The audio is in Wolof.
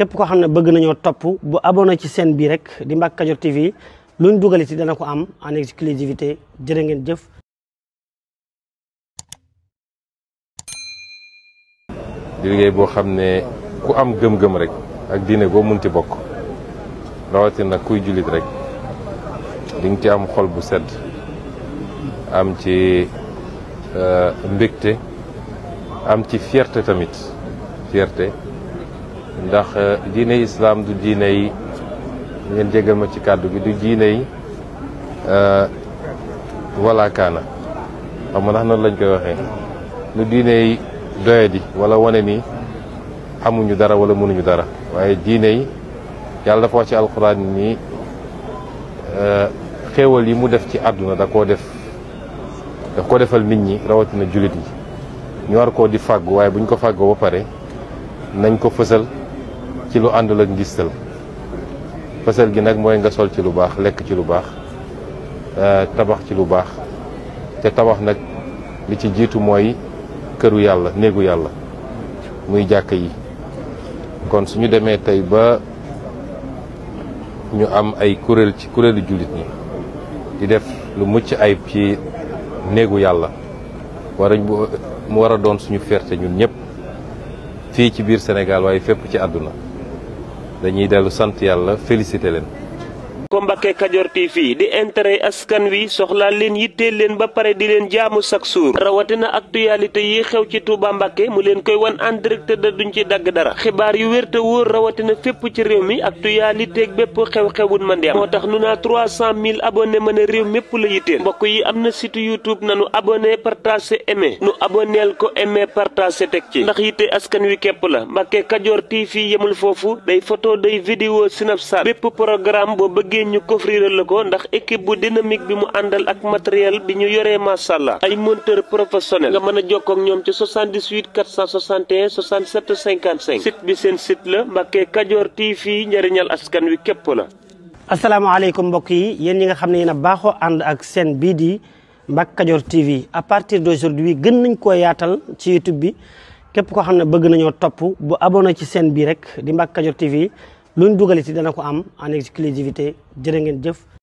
képp koo xam ne bëgg nañoo topp bu abonné ci seen bi rek di Mbacke Kadior TV luñ dugal ci dana ko am en exclusivité jërë ngeen jëf di liggéey boo xam ne ku am gëm-gëm rek ak diine boo munti bokk rawatina nag kuy jullit rek di ci am xol bu sedd am ci euh, mbégte am ci fierté tamit fierté ndax eh, diine yi islaam du diine yi ngeen jégal ma ci kàddu gi du diine yi eh, wala kaana xam nga ndax lañ koy waxee lu diine yi doye di wala wane ni amuñu dara wala mënuñu dara waaye diine yi yàlla dafa wax ci alxuraan ni eh, xéwal yi mu def ci àdduna da koo def daf koo defal nit ñi rawatina jullit yi ñu koo di fàggu waaye bu ñu ko fàggoo ba pare nañ ko fësal ci lu àndul ak ngistal fësal gi nag mooy nga sol ci lu baax lekk ci lu baax euh, tabax ci lu baax te tabax nag li ci jiitu mooy këru yàlla néegu yàlla muy jàkk yi kon suñu demee tey ba ñu am ay kuréel ci kuréelu jullit ñi di def lu mucc ay ci néegu yàlla war mu war a doon suñu fierté ñun ñëpp fii ci biir Sénégal waaye fépp ci àdduna dañuy dellu sant yàlla félicité leen ko Mbacke Kadior TV di intérêt askan wi soxlaal leen yitteel leen ba pare di leen jaamu chaque jour rawatina actualité yi xew ci Touba Mbacke mu leen koy wan en direct da duñ ci dagg dara xibaar yu wér te wóor rawatina fépp ci réew mi actualité ak bépp xew-xewun man di am moo tax nu naa 300000 abonnés mën a réew mépp la yitteel mbokk yi am na site YouTube nanu abonné partagé aimé nu abonneel ko aimé partagé teg ci ndax yitte askan wi képp la Mbacke Kadior TV yemul foofu day photo day vidéo Snapchat yéen ñu coffriral la ko ndax équipe bu dynamique bi mu àndal ak matériel bi ñu yoree masàlla ay monteur professionnel nga mën a jokkoo ak ñoom ci 78 461 67 55 site bi seen site la Mbacke Kadior TV njëriñal askan wi képp la asalaamaaleykum mbokk yi yéen ñi nga xam ne yéen a baaxoo ànd ak seen bii di Mbacke Kadior TV à partir d'aujourd'hui gën nañ ko yaatal ci YouTube bi képp koo xam ne bëgg nañoo topp bu abonné ci seen bii rek di Mbacke Kadior TV luñ dugal ci dana ko am en exclusivité jërë ngeen jëf